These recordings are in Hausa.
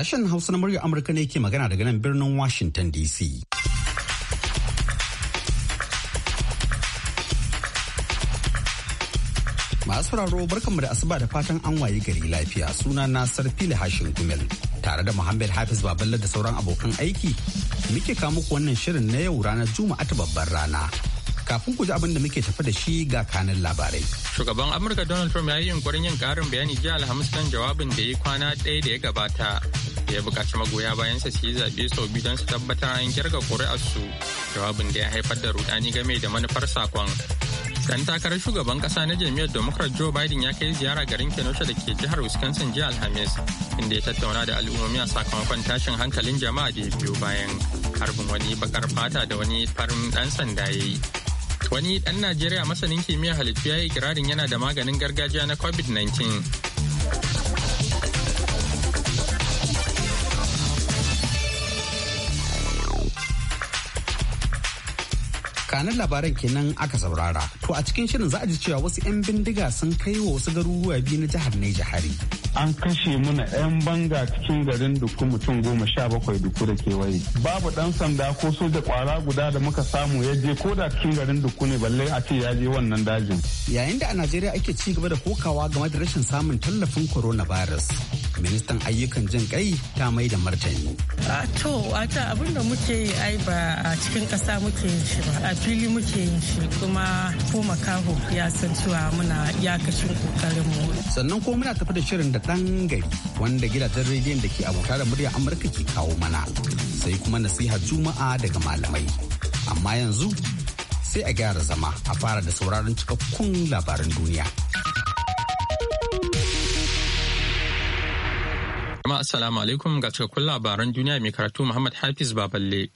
Sashen Hausa na murya Amurka ne ke magana daga nan birnin Washington DC. Masu raro barkanmu da asuba da fatan an wayi gari lafiya suna na Sarfila Hashin Gumel tare da muhammed Hafiz Baballa da sauran abokan aiki muke kawo muku wannan shirin na yau ranar Juma'a ta babbar rana. kafin ku ji abin da muke tafi da shi ga kanan labarai. Shugaban Amurka Donald Trump ya yi yunkurin yin karin bayani jiya Alhamis kan jawabin da ya kwana ɗaya da ya gabata da ya bukaci magoya bayan su yi zaɓe sau biyu don su tabbatar an kirga su jawabin da ya haifar da rudani game da manufar sakon dan takarar shugaban ƙasa na jami'ar democrat joe biden ya kai ziyara garin kenosha da ke jihar wisconsin jiya alhamis inda ya tattauna da al'ummomi a sakamakon tashin hankalin jama'a da ya biyo bayan harbin wani bakar fata da wani farin ɗan sanda ya yi wani ɗan najeriya masanin kimiyya halittu ya yi kirarin yana da maganin gargajiya na covid-19 kanan labaran kenan aka saurara to a cikin shirin za a ji cewa wasu 'yan bindiga sun kai wa wasu garuruwa biyu na jihar Neja hari an kashe muna 'yan banga cikin garin duku mutum goma sha bakwai duku da kewaye babu ɗan sanda ko soja kwara guda da muka samu ya je ko da cikin garin duku ne balle a ce ya je wannan dajin yayin da a najeriya ake ci gaba da kokawa game da rashin samun tallafin coronavirus ministan ayyukan jin kai ta mai da martani. a to abin da muke yi ai ba a cikin ƙasa muke yin shi ba a fili muke yin shi kuma ko makaho ya san cewa muna kokarin mu. sannan ko muna tafi da shirin da ɗan gari wanda gidajen rediyon da ke abota da murya amurka ke kawo mana sai kuma nasiha juma'a daga malamai amma yanzu sai a gyara zama a fara da sauraron cikakkun labaran duniya. Jama'a assalamu alaikum ga cikakkun labaran duniya mai karatu Muhammad Hafiz Baballe.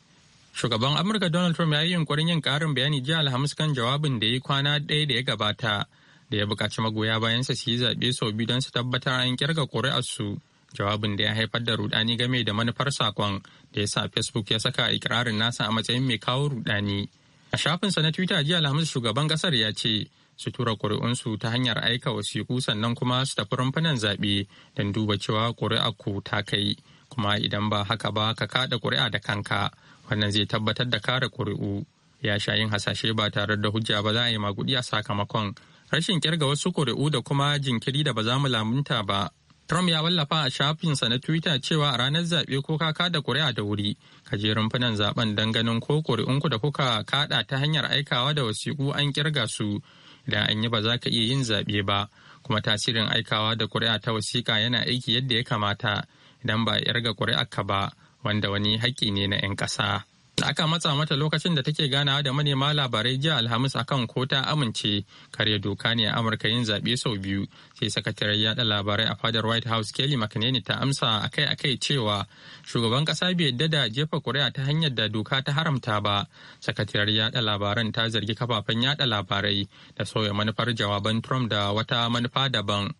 Shugaban Amurka Donald Trump ya yi yunkurin yin karin bayani jiya Alhamis kan jawabin da ya yi kwana ɗaya da ya gabata da ya buƙaci magoya bayansa su yi zaɓe sau biyu don su tabbatar an kirga ƙuri'arsu. Jawabin da ya haifar da rudani game da manufar sakon da ya sa Facebook ya saka ikirarin nasa a matsayin mai kawo rudani. A shafinsa na Twitter jiya Alhamis shugaban ƙasar ya ce su tura ƙuri'unsu ta hanyar aika wasiƙu sannan kuma su tafi rumfunan zaɓe don duba cewa ƙuri'a ku ta kai kuma idan ba haka ba ka kaɗa ƙuri'a da kanka wannan zai tabbatar da kare ƙuri'u ya sha yin hasashe ba tare da hujja ba za a yi maguɗi a sakamakon rashin kirga wasu ƙuri'u da kuma jinkiri da ba za mu lamunta ba Trump ya wallafa a shafinsa na Twitter cewa a ranar zaɓe ko ka kada ƙuri'a da wuri, ka je rumfunan zaɓen don ganin ko ƙuri'unku da kuka kaɗa ta hanyar aikawa da wasiƙu an kirga su idan an yi ba za ka iya yin zaɓe ba kuma tasirin aikawa da ƙuri'a ta wasiƙa yana aiki yadda ya kamata idan ba a yarga ka ba wanda wani haƙƙi ne na 'yan ƙasa. da aka matsa mata lokacin da take ganawa da manema labarai jiya alhamis akan ko ta amince karya doka ne a amurka yin zaɓe sau biyu sai sakataren yada labarai a fadar white house kelly mcneny ta amsa akai-akai cewa shugaban ƙasa bai yadda da jefa kuri'a ta hanyar da doka ta haramta ba sakatariyar yada labaran ta zargi kafafen yada labarai da sauya manufar jawaban trump da wata manufa daban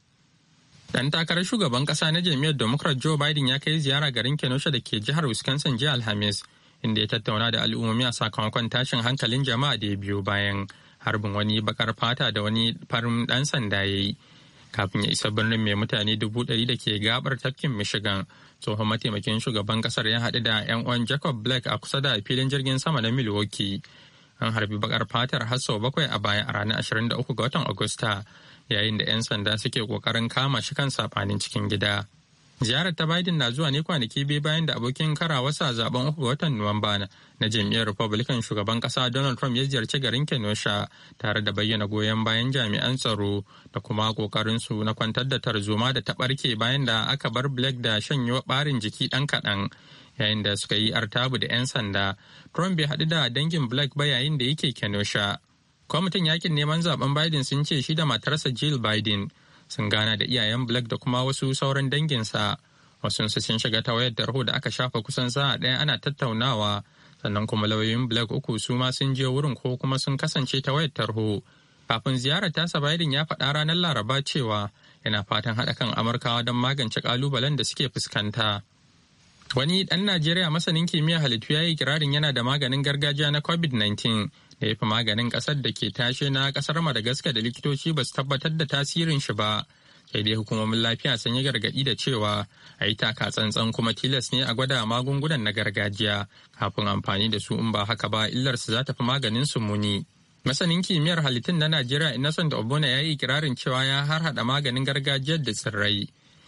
Dan takarar shugaban kasa na jam'iyyar Democrat Joe Biden ya kai ziyara garin Kenosha da ke jihar Wisconsin jiya Alhamis inda ya tattauna da al'ummomi a sakamakon tashin hankalin jama'a da ya biyo bayan harbin wani bakar fata da wani farin dan sanda ya yi kafin ya isa birnin mai mutane dubu ɗari da ke gabar tafkin michigan tsohon mataimakin shugaban kasar ya haɗu da yan uwan jacob blake a kusa da filin jirgin sama na milwaukee an harbi bakar fatar har sau bakwai a baya a ranar uku ga watan agusta yayin da 'yan sanda suke kokarin kama shi kan saɓanin cikin gida Ziyarar ta Biden na zuwa ne kwanaki biyu bayan da abokin kara wasa zaben uku ga watan Nuwamba na jam'iyyar Republican shugaban kasa Donald Trump ya ziyarci garin Kenosha tare da bayyana goyon bayan jami'an tsaro da kuma kokarin su na kwantar da tarzoma da ta barke bayan da aka bar Blake da shanyewa barin jiki dan kadan yayin da suka yi artabu da 'yan sanda. Trump bai hadu da dangin Blake ba yayin da yake Kenosha. Kwamitin yakin neman zaben Biden sun ce shi da matarsa Jill Biden sun gana da iyayen Blake da kuma wasu sauran danginsa. Wasu sun shiga ta wayar tarho da aka shafa kusan sa'a ɗaya ana tattaunawa, sannan kuma lauyoyin Blake uku su ma sun je wurin ko kuma sun kasance ta wayar tarho. Kafin ziyarar tasa Biden ya faɗa ranar Laraba cewa yana fatan haɗa kan Amurkawa don magance ƙalubalen da suke fuskanta. Wani ɗan Najeriya masanin kimiyya halittu ya yi kirarin yana da maganin gargajiya na COVID-19 ya yi maganin kasar da ke tashe na kasar Madagascar da likitoci ba su tabbatar da tasirin shi ba. Sai dai hukumomin lafiya sun yi gargaɗi da cewa a yi taka tsantsan kuma tilas ne a gwada magungunan na gargajiya kafin amfani da su in ba haka ba illar su za ta fi maganin su muni. Masanin kimiyyar halittun na Najeriya Innocent Obona ya yi ikirarin cewa ya harhaɗa maganin gargajiyar da tsirrai.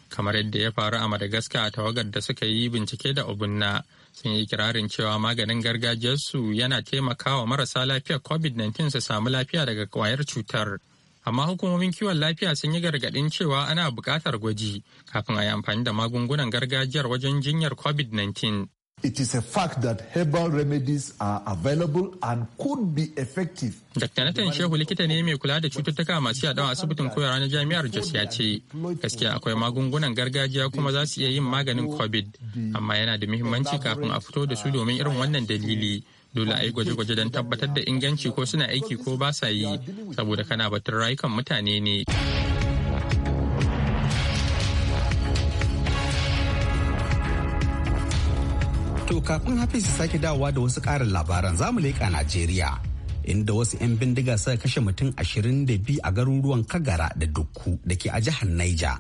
Kamar yadda ya faru a Madagascar a tawagar da suka yi bincike da Obunna sun yi kirarin cewa maganin gargajiyarsu yana taimakawa marasa lafiyar covid-19 su samu lafiya daga kwayar cutar amma hukumomin kiwon lafiya sun yi gargaɗin cewa ana buƙatar gwaji kafin a yi amfani da magungunan gargajiyar wajen jinyar covid-19 It is a fact that herbal remedies are available and could be effective. Dr. Nathan Shehu likita ne mai kula da cututtuka masu yaɗawa asibitin koya na jami'ar Jos ya ce, gaskiya akwai magungunan gargajiya kuma za su iya yin maganin COVID, amma yana da muhimmanci kafin a fito da su domin irin wannan dalili. Dole a yi gwaje-gwaje don tabbatar da inganci ko suna aiki ko ba sa yi, saboda kana batun rayukan mutane ne. To kafin su sake dawowa da wasu ƙarin labaran zamu leƙa Najeriya. Inda wasu 'yan bindiga suka kashe mutum 22 a garuruwan Kagara da Dukku da ke a jihar Naija.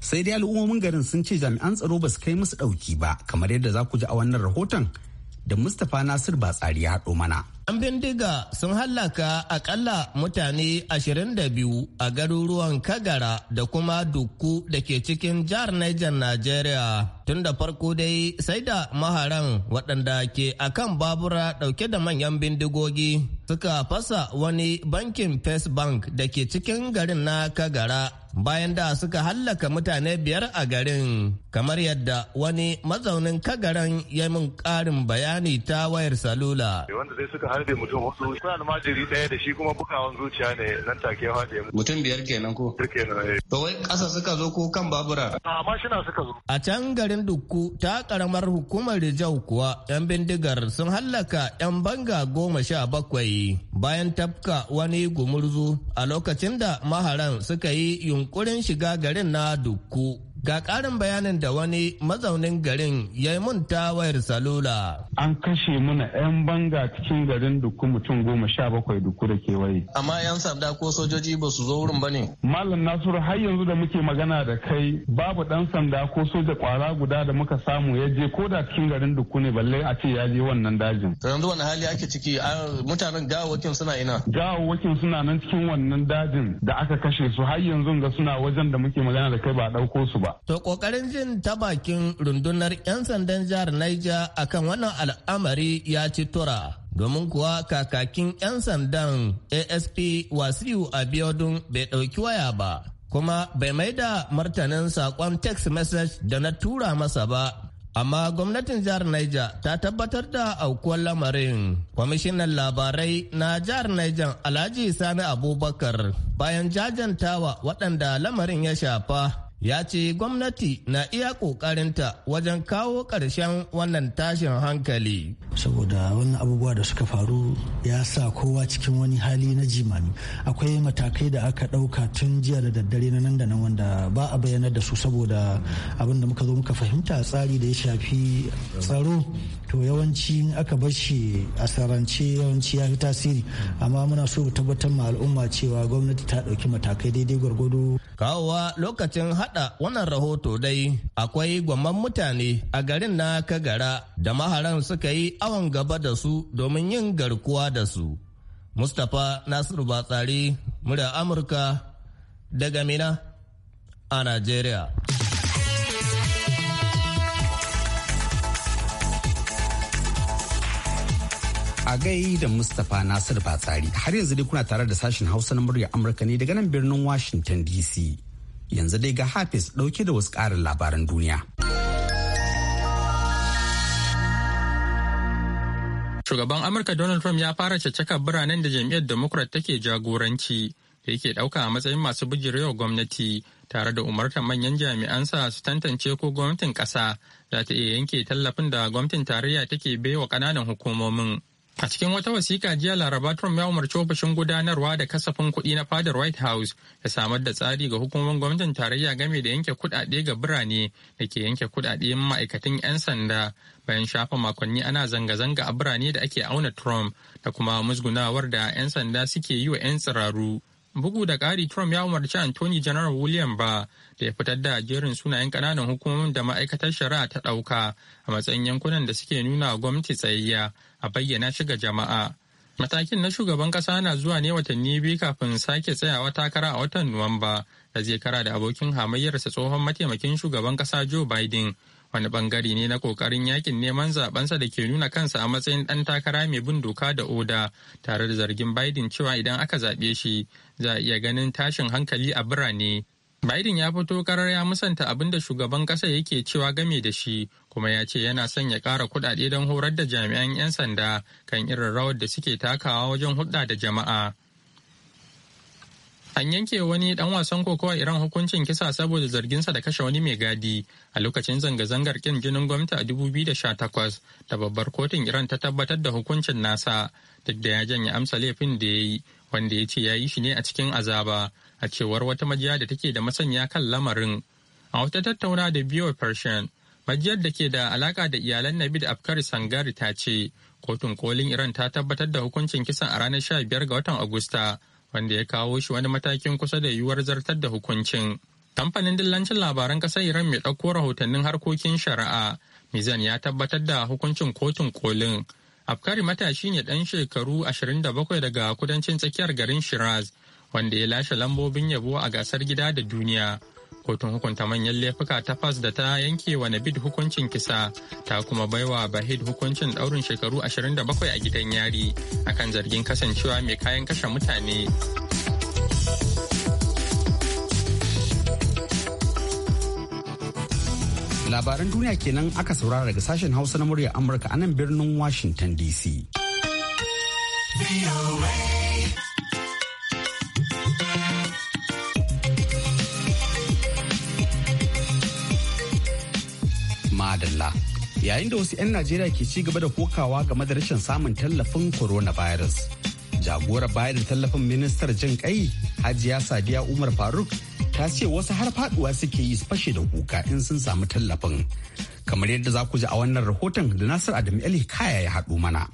Sai dai al'ummomin garin sun ce jami'an tsaro ba su kai musu ɗauki ba kamar yadda za ku ji a wannan rahoton da Mustapha Nasir tsari ya haɗo mana. 'Yan bindiga sun hallaka akalla mutane 22 a garuruwan Kagara da kuma Dukku da ke cikin jihar Niger Najeriya. Tun da farko dai sai da maharan waɗanda ke akan babura ɗauke da manyan bindigogi suka fasa wani bankin First Bank da ke cikin garin na Kagara. bayan da suka hallaka mutane biyar a garin kamar yadda wani mazaunin kagaran ya min karin bayani ta wayar salula. da mutum hudu kuna almajiri ɗaya da shi kuma bukawan zuciya ne nan take ya harbe mutum biyar kenan ko kenan eh. to wai ƙasa suka zo ko kan babura a mashina suka zo a can garin dukku ta karamar hukumar rijau kuwa yan bindigar sun hallaka yan banga goma sha bakwai bayan tafka wani gumurzu a lokacin da maharan suka yi yunkurin shiga garin na dukku Ga ƙarin bayanin da wani mazaunin garin ya yi mun ta wayar salula. An kashe mana 'yan banga cikin garin duku mutum goma sha bakwai duku da kewaye. Amma 'yan sanda ko sojoji ba su zo wurin ba ne? Malam Nasiru har yanzu da muke magana da kai babu ɗan sanda ko soja kwara guda da muka samu ya je ko da cikin garin duku ne balle a ce ya je wannan dajin. Yanzu wani hali ake ciki mutanen gawawakin suna ina? Gawawakin suna nan cikin wannan dajin da aka kashe su har yanzu ga suna wajen da muke magana da kai ba a ɗauko su ba. ba. To kokarin jin ta bakin rundunar 'yan sandan jihar Niger akan wannan al'amari ya ci tura. domin kuwa kakakin 'yan sandan asp wasiu abiodun bai ɗauki waya ba kuma bai mai da martanin saƙon text message da na tura masa ba amma gwamnatin jihar Niger ta tabbatar da aukuwar lamarin kwamishinan labarai na jihar Niger alhaji sani abubakar bayan jajantawa waɗanda lamarin ya shafa ya ce gwamnati na iya ƙoƙarinta wajen kawo ƙarshen wannan tashin hankali. saboda wannan abubuwa da suka faru ya sa kowa cikin wani hali na jimami akwai matakai da aka ɗauka tun jiya da daddare na nan da nan wanda ba a bayyanar da su saboda abin da muka zo muka fahimta tsari da ya shafi tsaro to yawanci aka bar shi a sarance yawanci ya fi tasiri amma muna so tabbatar ma al'umma cewa gwamnati ta ɗauki matakai daidai gwargwado. kawowa lokacin hada wannan rahoto dai akwai gwamman mutane a garin na kagara da maharan suka yi awon gaba da su domin yin garkuwa da su mustapha nasiru batsari murya amurka daga mina a najeriya. a gai da Mustapha Nasir Batsari har yanzu dai kuna tare da sashen Hausa na murya Amurka ne daga nan birnin Washington DC. Yanzu dai ga Hafiz dauke da wasu ƙarin labaran duniya. Shugaban Amurka Donald Trump ya fara caccaka biranen da jam'iyyar Democrat take jagoranci da yake ɗauka a matsayin masu bujirewa gwamnati tare da umartar manyan jami'ansa su tantance ko gwamnatin ƙasa za ta iya yanke tallafin da gwamnatin tarayya take baiwa ƙananan hukumomin. A cikin wata wasiƙa jiya Laraba Trump ya umarci ofishin gudanarwa da kasafin kuɗi na fadar White House da samar da tsari ga hukumomin gwamnatin tarayya game da yanke kuɗaɗe ga birane da ke yanke kuɗaɗe ma'aikatan 'yan sanda bayan shafa makonni ana zanga-zanga a birane da ake auna Trump da kuma musgunawar da 'yan sanda suke yi wa 'yan tsiraru. Bugu da ƙari Trump ya umarci Anthony General William ba da ya fitar da jerin sunayen kananan hukumomin da ma'aikatar shari'a ta ɗauka a matsayin yankunan da suke nuna gwamnati tsayayya a bayyana shi ga jama'a. Matakin na shugaban kasa na zuwa ne watanni biyu kafin sake tsayawa takara a watan Nuwamba da zai kara da abokin hamayyarsa tsohon mataimakin shugaban kasa Joe Biden. Wani bangare ne na kokarin yakin neman zabensa da ke nuna kansa a matsayin ɗan takara mai bin doka da oda tare da zargin Biden cewa idan aka zaɓe shi za a iya ganin tashin hankali a birane. Biden ya fito karar ya musanta abin da shugaban ƙasa yake cewa game da shi kuma ya ce yana son ya ƙara kuɗaɗe don horar da jami'an 'yan sanda kan irin rawar da suke takawa wajen hulɗa da jama'a. An yanke wani ɗan wasan kokowa Iran hukuncin kisa saboda zarginsa da kashe wani mai gadi a lokacin zanga-zangar kin jinin gwamnati a 2018 da babbar kotun Iran ta tabbatar da hukuncin nasa duk da ya janye amsa laifin da ya yi wanda ya ce ya yi shi ne a cikin azaba. a cewar wata majiya da take da masanya kan lamarin a wata tattauna da a persian majiyar da ke da alaka da iyalan nabi da afkari sangari ta ce kotun kolin iran ta tabbatar da hukuncin kisan a ranar sha biyar ga watan agusta wanda ya kawo shi wani matakin kusa da yiwuwar zartar da hukuncin kamfanin dillancin labaran kasar iran mai ɗauko rahotannin harkokin shari'a mizan ya tabbatar da hukuncin kotun kolin afkari matashi ne ɗan shekaru 27 daga kudancin tsakiyar garin shiraz wanda ya lashe lambobin yabo a gasar gida da duniya kotun hukunta manyan laifuka ta fas da ta yanke wa nabid hukuncin kisa ta kuma baiwa bahid hukuncin daurin shekaru 27 a gidan yari akan zargin kasancewa mai kayan kashe mutane labaran duniya kenan aka saurara daga sashen hausa na murya amurka a nan birnin washington dc yayin da wasu 'yan najeriya ke ci gaba da kokawa game da rashin samun tallafin coronavirus jagorar bayar da tallafin ministar jin kai hajiya sadiya umar faruk ta ce wasu har faduwa suke yi fashe da kuka in sun samu tallafin kamar yadda za ku ji a wannan rahoton da nasir adam ali kaya ya haɗu mana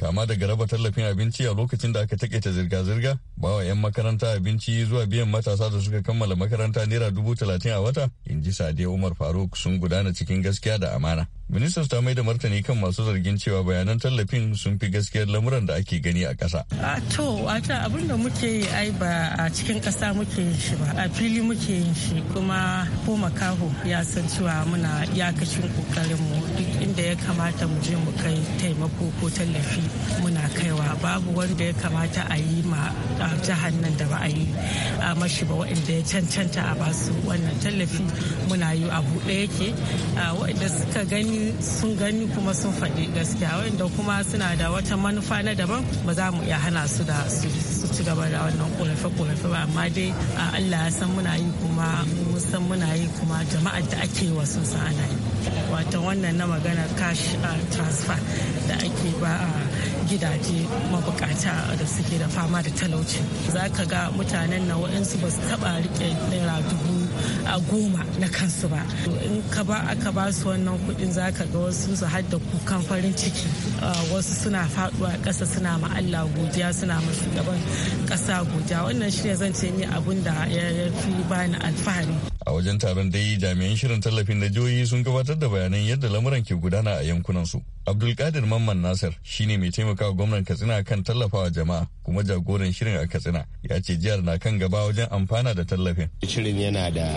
kama daga raba tallafin abinci a lokacin da aka takaita zirga-zirga ba wa 'yan makaranta abinci zuwa biyan matasa da suka kammala makaranta naira dubu talatin a wata in ji sadiya umar faruk sun gudana cikin gaskiya da amana ministan ta mai da martani kan masu zargin cewa bayanan tallafin sun fi gaskiyar lamuran da ake gani a kasa. a to wata abin da muke yi ai ba a cikin ƙasa muke yin shi ba a fili muke yin shi kuma ko makaho ya san cewa muna kokarin ƙoƙarinmu duk inda ya kamata mu je mu kai taimako ko tallafi muna kaiwa babu wanda ya kamata a yi ma jihar nan da ba a yi a mashi ba waɗanda ya cancanta a basu wannan tallafi muna yi a buɗe yake waɗanda suka gani sun gani kuma sun faɗi gaskiya wanda kuma suna da wata manufa na daban ba za mu iya hana su da su ci gaba da wannan korafe-korafe ba amma dai a Allah ya san muna yi kuma mun san muna yi kuma jama'ar da ake wa sun sa ana yi wato wannan na magana cash transfer da ake ba a gidaje mabukata da suke da fama da talauci za ka ga mutanen na waɗansu ba su taɓa riƙe naira dubu a goma na kansu ba in ka ba aka ba su wannan kuɗin za ka ga wasu su hadda kukan farin ciki wasu suna faduwa ƙasa suna ma Allah godiya suna masu gaban ƙasa godiya wannan shine zan ce ni abin da ya fi bani alfahari a wajen taron dai jami'an shirin tallafin na jihohi sun gabatar da bayanan yadda lamuran ke gudana a yankunan su abdulkadir mamman nasir shine mai taimakawa gwamnan katsina kan tallafawa jama'a kuma jagoran shirin a katsina ya ce jihar na kan gaba wajen amfana da tallafin shirin yana da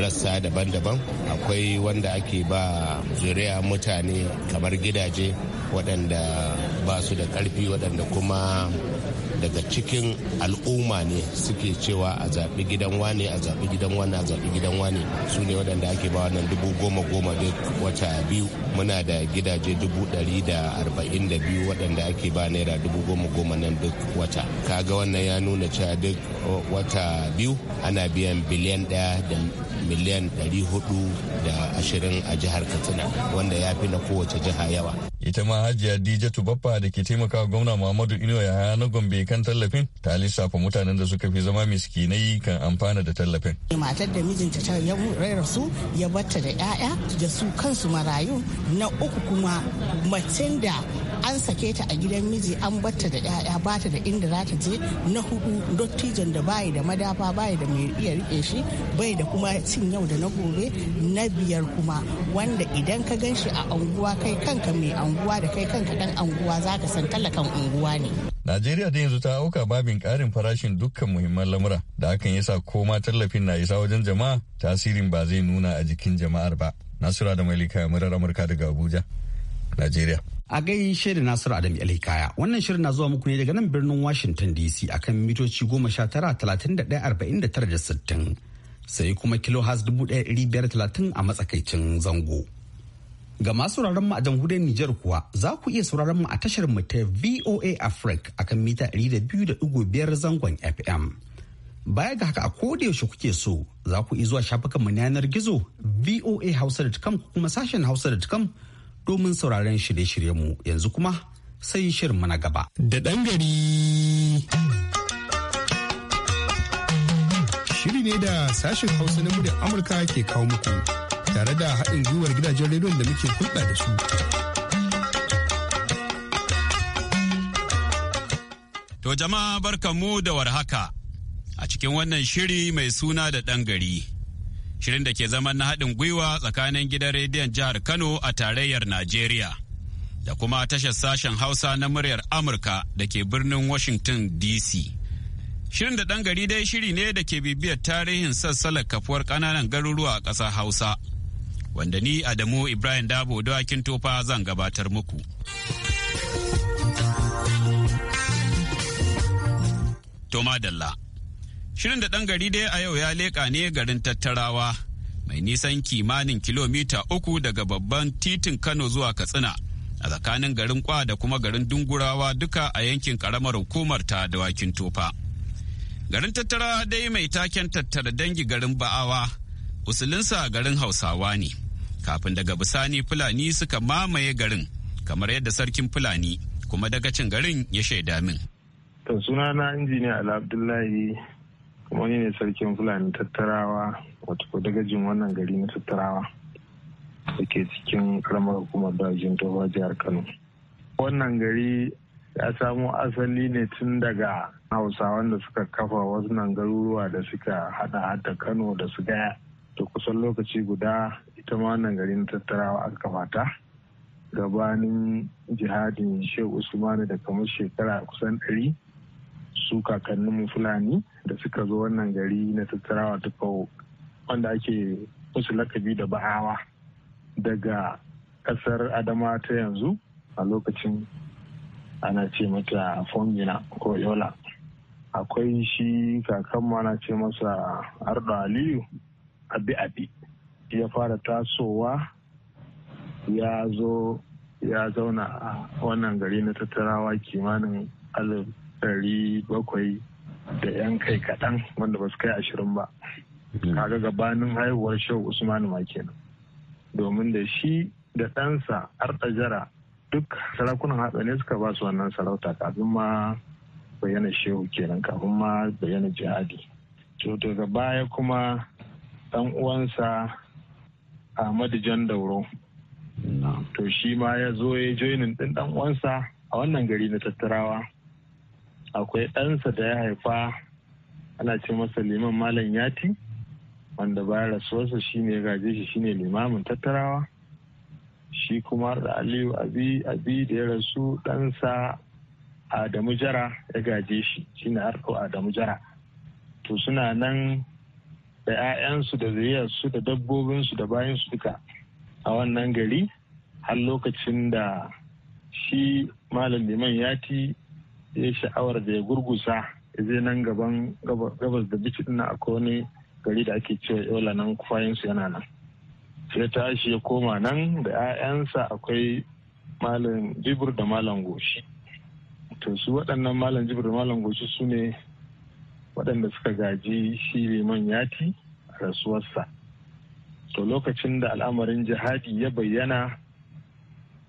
rassa daban-daban akwai wanda ake ba zuriya mutane kamar gidaje waɗanda ba su da karfi waɗanda kuma daga cikin al'umma ne suke cewa a zaɓi gidan wane a zaɓi gidan wane a zaɓi gidan wane su ne waɗanda ake ba wannan dubu goma goma duk wata biyu muna da gidaje dubu ɗari da arba'in da biyu waɗanda ake ba naira dubu goma goma nan duk wata kaga wannan ya nuna cewa duk wata biyu ana biyan biliyan ɗaya da miliyan 420 a jihar katsina wanda ya fi na kowace jiha yawa ita ma hajiya dija tubabba da ke taimakawa gwamna muhammadu inuwa ya na gombe kan tallafin ta lissafa mutanen da suka fi zama miskinai kan amfana da tallafin matar da mijinta ta ya raira su ya batta da 'ya'ya da su kansu marayu na uku kuma macen da an sake ta a gidan miji an batta da 'ya'ya bata da inda za ta je na hudu dottijon da bayi da madafa bayi da mai iya rike shi bai da kuma ci abincin yau da na gobe na biyar kuma wanda idan ka gan shi a anguwa kai kanka mai anguwa da kai kanka dan anguwa za ka san talakan unguwa ne. Najeriya da yanzu ta auka babin karin farashin dukkan muhimman lamura da hakan yasa ma tallafin na isa wajen jama'a tasirin ba zai nuna a jikin jama'ar ba. Nasura da Malika murar Amurka daga Abuja, Najeriya. A gaishe da Nasiru Adam Alhikaya, wannan shirin na zuwa muku ne daga nan birnin Washington DC akan mitoci goma sha tara talatin da ɗaya arba'in da tara da sittin. sai kuma biyar 1530 a matsakaicin zango. Ga masu mu a jamhuriyar Nijar kuwa za ku iya sauraron mu a tashar mu ta VOA Africa akan mita 200.5 zangon FM. Baya ga haka a koda yaushe kuke so za ku iya zuwa shafukan mu na yanar gizo voahausa.com ko kuma sashen hausa.com domin sauraron shirye-shiryen mu yanzu kuma sai shirin mana gaba. Da ɗan gari. Shiri ne da sashen Hausa na muryar Amurka ke kawo muku tare da haɗin gwiwar gidajen rediyon da muke hulɗa da su. To jama'a mu da warhaka a cikin wannan shiri mai suna da ɗan gari. Shirin da ke zaman na haɗin gwiwa tsakanin gidan rediyon jihar Kano a tarayyar Najeriya. da kuma tashar sashen Hausa na muryar Amurka da ke birnin Washington DC. Shirin da ɗan gari dai shiri ne da ke bibiyar tarihin sassalar kafuwar ƙananan garuruwa a ƙasar Hausa, wanda ni Adamu Ibrahim Dabo dawakin tofa zan gabatar muku. Toma Dalla Shirin da ɗan gari dai a yau ya leƙa ne garin tattarawa mai nisan kimanin kilomita uku daga babban titin Kano zuwa Katsina. a tsakanin garin kwa da kuma garin dungurawa duka a yankin karamar hukumar ta dawakin tofa Garin tattara dai mai taken tattara dangi garin ba'awa, usulinsa garin hausawa ne. Kafin daga bisani Fulani suka mamaye garin, kamar yadda sarkin Fulani kuma daga cin garin ya shaida min. To na injiniya Ala Abdullahi kuma ne sarkin Fulani tattarawa wato dagajin wannan gari na tattarawa da ke cikin karamar hukumar dajin jihar Kano. Wannan gari ya samo asali ne tun daga hausawan da suka kafa wannan garuruwa da suka hada hada kano da su gaya da kusan lokaci guda ita ma wannan gari na tattarawa an kafa ta gabanin jihadin shehu usmanu da kamar shekara kusan ɗari su kakannin fulani da suka zo wannan gari na tattarawa ta kawo. wanda ake musu lakabi da ba'awa daga kasar adama ta yanzu a lokacin ana ce mata formula ko yola akwai shi kakanmu ana ce masa ardo aliyu abi abi ya fara tasowa ya zo ya zauna a wannan gari na tattarawa kimanin alif dari bakwai da yan kai kaɗan wanda ba su kai ashirin ba mm. kaga gabanin haihuwar shehu usmanu ma domin da shi da ɗansa arɗajara duk sarakunan hatsari suka ba su wannan sarauta kafin ma bayyana shehu kenan kafin ma bayyana jihadi to daga baya kuma dan uwansa ahmadu jan dauro to shi ma ya zo ya joinin din dan uwansa a wannan gari na tattarawa akwai ɗansa da ya haifa ana ce masa liman malam yati wanda bayan rasuwarsa shine ya gaje shi shine limamin tattarawa shi kuma da aliyu abi abi da ya rasu ɗansa adamu jara ya gaje shi shi na harko adamu jara to suna nan da 'ya'yansu da zuriyarsu da dabbobinsu da bayansu duka a wannan gari har lokacin da shi malam liman ya ti ya sha'awar da ya gurgusa ya zai nan gaban gabas da bici na akwai wani gari da ake cewa yola nan kwayansu yana nan sai tashi ya koma nan da 'ya'yansa akwai malam jibir da malam goshi to su waɗannan malam jibir da malam goshi su ne waɗanda suka gaji shi liman yati a rasuwarsa to lokacin da al'amarin jihadi ya bayyana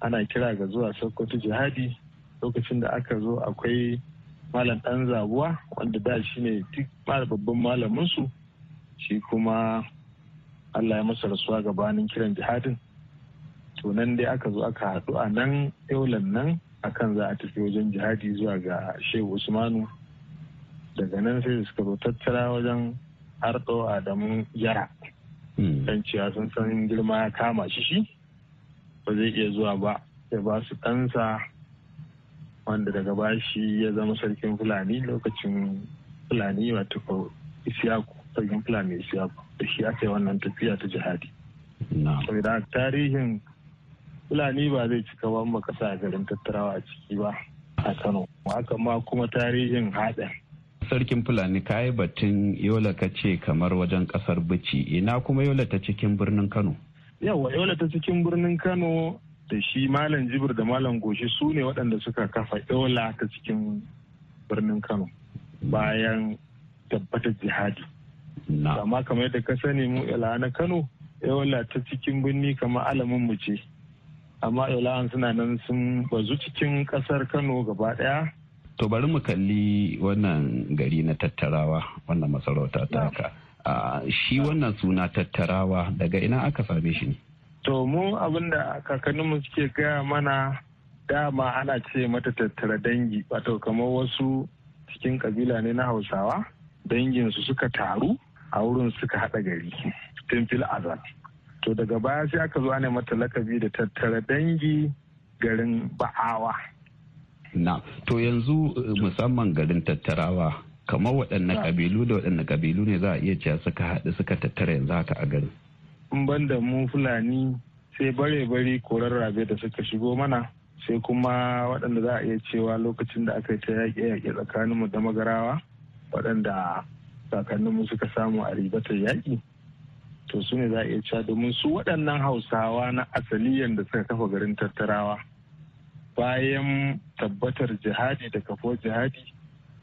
ana kira ga zuwa sokoto jihadi lokacin da aka zo akwai malam ɗan zabuwa wanda da shi ne duk babban malaminsu shi kuma allah ya masa rasuwa gabanin kiran jihadin to nan dai aka zo aka haɗu a nan yaulan nan akan za a tafi wajen jihadi zuwa ga shehu usmanu daga nan sai suka zo tattara wajen harɗo adamu yara hmm. dan cewa sun san girma ya kama shi shi ba zai iya zuwa ba ya ba su ɗansa wanda daga bashi ya zama sarkin fulani lokacin fulani wato isiyaku sarkin fulani isiyaku da shi ake wannan tafiya ta jihadi saboda tarihin fulani ba zai cika ba maka a garin tattarawa a ciki ba a kano haka ma kuma tarihin haɗa sarkin fulani ka yi batun yola ka ce kamar wajen kasar bici ina kuma yola ta cikin birnin kano yawa yola ta cikin birnin kano da shi malam jibir da malam goshi su ne waɗanda suka kafa yola ta cikin birnin kano bayan tabbatar jihadi amma kamar yadda ka sani mu ila na kano yawala eh, ta cikin birni kamar alamin mu ce amma ila suna nan sun bazu cikin kasar kano gaba daya to bari mu kalli wannan gari na tattarawa wannan masarauta ta haka ah, shi wannan suna tattarawa daga ina aka same shi ne to mu abinda kakanninmu suke gaya mana dama ana ce mata tattara dangi wato kamar wasu cikin kabila ne na hausawa danginsu suka taru a wurin suka haɗa gari tun fil to daga baya sai aka zo ne mata lakabi da tattara dangi garin ba'awa na to yanzu eh, musamman garin tattarawa kamar waɗannan ah. kabilu da waɗannan kabilu ne za a iya cewa suka haɗu suka tattara yanzu haka a garin in ban da mu fulani sai bare-bare korar rabe da suka shigo mana sai kuma waɗanda za a iya cewa lokacin da aka yi ta yaƙe-yaƙe tsakaninmu da magarawa waɗanda mu suka samu a ribatar yaƙi to su ne za a iya cewa domin su waɗannan hausawa na asaliyan da suka kafa garin tattarawa bayan tabbatar jihadi da kafo jihadi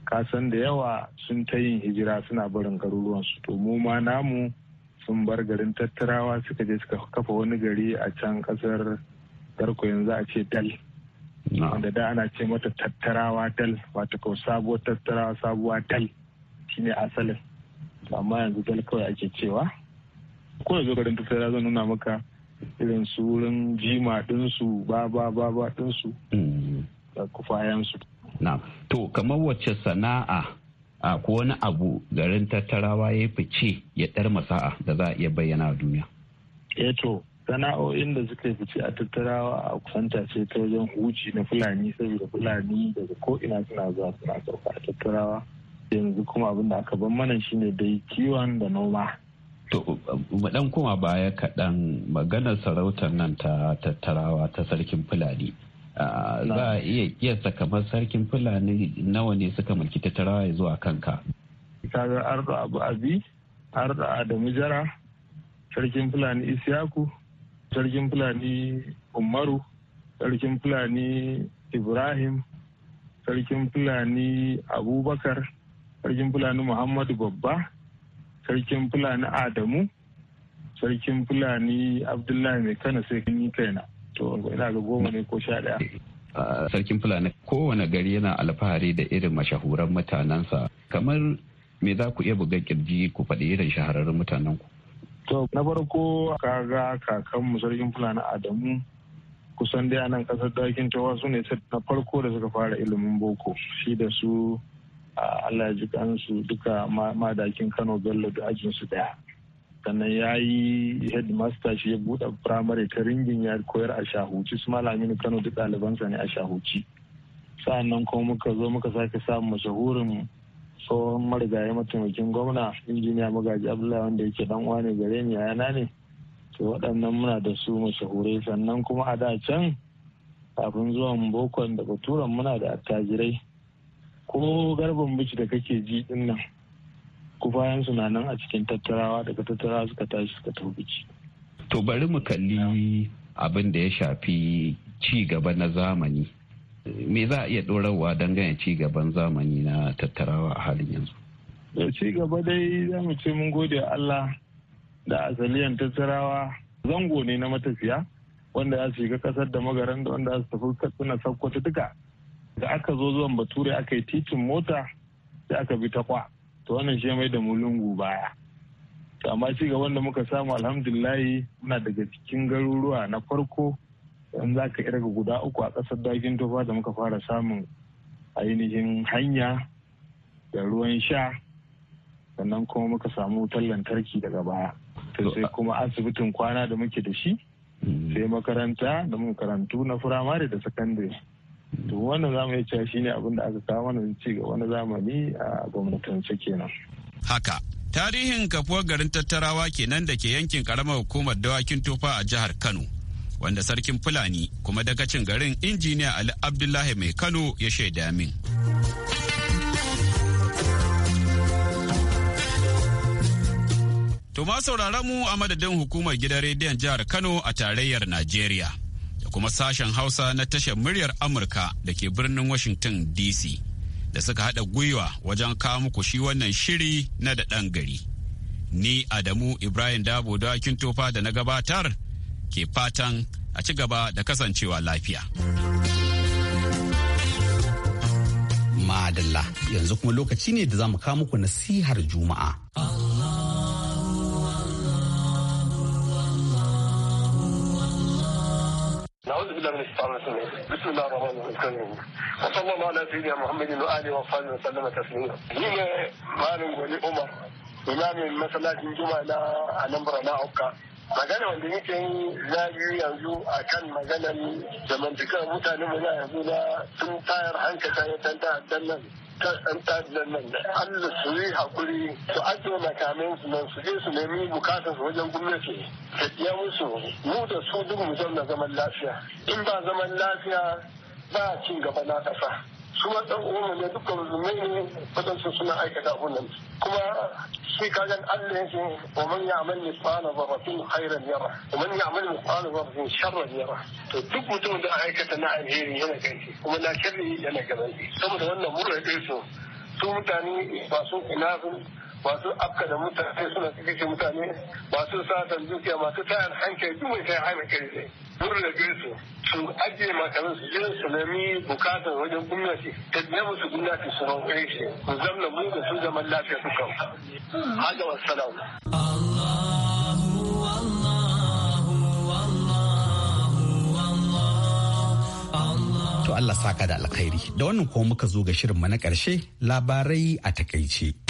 kasan da yawa sun ta yin hijira suna barin garuruwansu to mu ma namu sun bar garin tattarawa suka je suka kafa wani gari a can kasar garko yanzu a ce dal wanda da ana ce mata tattarawa dal kawo sabuwar tattarawa sabuwa dal ne asalin amma yanzu dole kawai ake cewa ko yanzu garin tattara zan nuna maka irin su wurin jima ɗinsu ba ba ba ba mm. da kufayensu. na to kamar wacce sana'a a ko wani abu garin tattarawa ya fice ya ɗar masa'a da za a iya bayyana a duniya. eh to sana'o'in da suka fice a tattarawa a kusanta ce ta wajen huji na fulani saboda fulani daga ko ina suna zuwa suna sauka a tattarawa. yanzu kuma abin da aka ban mana shine dai kiwon da noma to mu dan kuma baya kaɗan maganar sarautar nan ta tattarawa ta sarkin fulani za a iya kiyasta kamar sarkin fulani nawa ne suka mulki tattarawa ya zuwa kanka kaga arda abu abi arda adamu jara sarkin fulani isyaku sarkin fulani umaru sarkin fulani ibrahim sarkin fulani abubakar sarkin fulani muhammadu babba sarkin fulani adamu sarkin fulani abdullahi mai kana sai kan yi kaina to ina ga goma ne ko sha daya sarkin fulani kowane gari yana alfahari da irin mashahuran mutanensa kamar me za ku iya buga kirji ku faɗi irin shahararrun mutanen ku to na farko kaga kakanmu sarkin fulani adamu kusan dai nan kasar dakin tawa su ne na farko da suka fara ilimin boko shi da su Allah ji kansu duka madakin Kano Bello da ajin su daya. Sannan ya yi headmaster shi ya buɗe firamare ta ringin ya koyar a shahuci su malamin Kano duk ɗalibansa ne a shahuci. Sa'annan kuma muka zo muka sake samun mashahurin tsohon marigayi mataimakin gwamna injiniya magaji abdullahi wanda yake dan uwa ne gare ni yana ne to waɗannan muna da su mashahurai sannan kuma a da can kafin zuwan bokon da baturan muna da attajirai ko garban miji da kake ji din nan bayan suna nan a cikin tattarawa daga tattarawa suka tashi suka taubici. to bari mu kalli abin da ya shafi ci gaba na zamani me za a iya ɗorarwa don ganya ci gaban zamani na tattarawa a halin yanzu da ci gaba dai za mu ce mun gode Allah da asaliyan tattarawa zango ne na matafiya wanda ya shiga kasar da magaran da wanda su tafi suna sakkwata duka da aka zo zuwan bature aka yi titin mota sai aka bi ta kwa to wannan shi mai da mulungu baya to amma ci gaban da muka samu alhamdulillahi muna daga cikin garuruwa na farko in za ka irga guda uku a ƙasar dagin tofa da muka fara samun ainihin hanya da ruwan sha sannan kuma muka samu wutar lantarki daga baya sai kuma asibitin kwana da muke da shi hmm. sai makaranta da muka karantu na firamare da sakandare to wannan zamu iya cewa shine abin da aka kawo mana ci ga wani zamani a gwamnatance kenan haka tarihin kafuwar garin tattarawa kenan da ke yankin karamar hukumar dawakin tufa a jihar kano wanda sarkin fulani kuma dagacin garin injiniya ali abdullahi mai kano ya shaida min To ma mu a madadin hukumar gidan rediyon jihar Kano a tarayyar Najeriya. kuma sashen Hausa na tashar muryar Amurka da ke birnin Washington DC da suka haɗa gwiwa wajen kawo muku shi wannan shiri na da ɗan gari. Ni Adamu Ibrahim Dabo dakin tofa da na gabatar ke fatan a ci gaba da kasancewa lafiya. Madalla yanzu kuma lokaci ne da za mu kawo muku nasihar Juma'a. بالله من الشيطان الرجيم بسم الله الرحمن الرحيم وصلى الله على سيدنا محمد وآله وصحبه وسلم تسليما هنا malam gwani umar imamin masallacin juma'a na anambra na auka magana wanda yake yi zagi yanzu a kan maganar zamantakar mutane mu na yanzu na tun tayar hankali ya tanta nan ta ɗan nan da Allah su yi haƙuri su ajiye makamin su nan su je su nemi bukatar su wajen gwamnati ta iya musu mu da su duk mu zauna zaman lafiya in ba zaman lafiya ba cin gaba na ƙasa. su ma ɗan uwan ne dukkan musulmai ne waɗansu suna aikata abun nan kuma shi kagan Allah yake wa man ya'mal mithqala dharratin khairan yara wa man ya'mal mithqala dharratin sharran yara to duk mutum da aikata na alheri yana kai kuma na sharri yana gaban saboda wannan murna ɗaya so su mutane su ilafin masu afka da mutane suna kashe mutane su masu satan dukiya su tayar hankali duk mai tayar hankali rarrabe su su ajiye makarin su je su nemi bukatar wajen gwamnati ta biya musu gwamnati su roƙe shi ku zamna mu da su zaman lafiya su kawo. Hada wassalam. To Allah saka da alkhairi da wannan kuma muka zo ga shirinmu na ƙarshe labarai a takaice.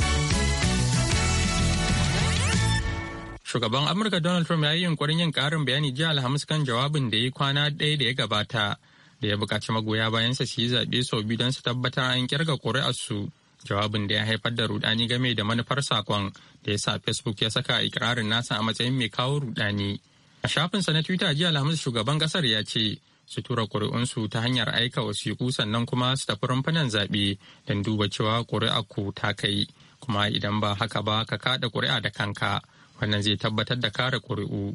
Shugaban Amurka Donald Trump ya yi yunkurin yin ƙarin bayani jiya Alhamis kan jawabin da ya kwana ɗaya da ya gabata da ya buƙaci magoya bayansa su yi zaɓe sau biyu don su tabbatar an ƙirga ƙuri'arsu. Jawabin da ya haifar da rudani game da manufar saƙon da ya sa Facebook ya saka ikirarin nasa a matsayin mai kawo rudani. A shafinsa na Twitter jiya Alhamis shugaban ƙasar ya ce su tura ƙuri'unsu ta hanyar aika wasiƙu sannan kuma su tafi rumfunan zaɓe don duba cewa ƙuri'arku ta kai kuma idan ba haka ba ka kaɗa ƙuri'a da kanka. wannan zai tabbatar da kare kuri'u.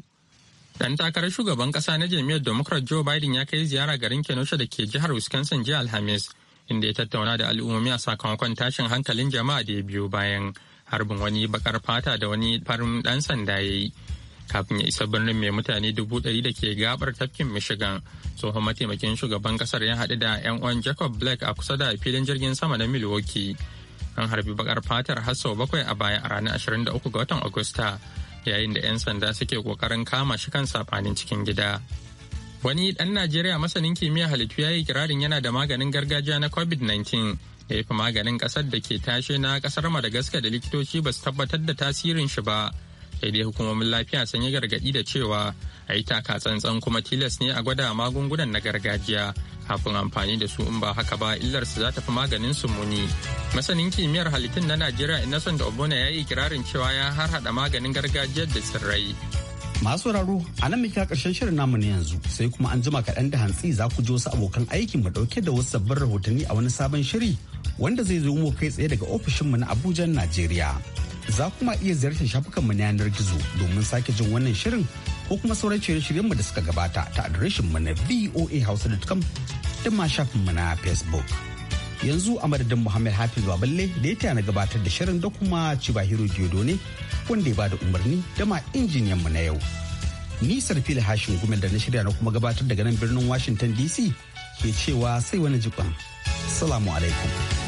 Dan takarar shugaban ƙasa na jam'iyyar Democrat Joe Biden ya kai ziyara garin Kenosha da ke jihar Wisconsin jiya Alhamis, inda ya tattauna da al'ummomi a sakamakon tashin hankalin jama'a da ya biyo bayan harbin wani bakar fata da wani farin ɗan sanda ya yi. kafin ya isa birnin mai mutane dubu ɗari da ke gabar tafkin michigan tsohon mataimakin shugaban kasar ya haɗu da yan uwan jacob blake a kusa da filin jirgin sama na milwaukee an harbi bakar fatar har bakwai a baya a ranar 23 ga watan agusta yayin da 'yan sanda suke kokarin kama shi kan sabanin cikin gida wani dan najeriya masanin kimiyya halittu ya yi kirarin yana da maganin gargajiya na covid-19 da ya fi maganin kasar da ke tashe na kasar madagascar da likitoci ba su tabbatar da tasirin shi ba sai dai hukumomin lafiya sun yi gargaɗi da cewa a yi taka tsantsan kuma tilas ne a gwada magungunan na gargajiya kafin amfani da su in ba haka ba illar su za ta fi maganin su muni. Masanin kimiyyar halittun na Najeriya Innocent Obona ya yi kirarin cewa ya harhaɗa maganin gargajiyar da tsirrai. Masu raro a nan muke karshen shirin namu na yanzu sai kuma an jima kaɗan da hantsi za ku ji wasu abokan aikin mu ɗauke da wasu sabbin rahotanni a wani sabon shiri wanda zai zo mu kai tsaye daga ofishinmu na Abuja, Najeriya. Za kuma iya ziyartar shafukanmu na yanar gizo domin sake jin wannan shirin ko kuma sauran shirye shiryenmu mu da suka gabata ta adireshin mu na voahausa.com da ma shafin mu na facebook yanzu a madadin muhammad hafiz baballe da ya tana gabatar da shirin da kuma cibahiro diodo ne wanda ya bada umarni da ma injiniyan mu na yau ni sarfila hashin gumel da na shirya na kuma gabatar daga nan birnin washington dc ke cewa sai wani jikon salamu alaikum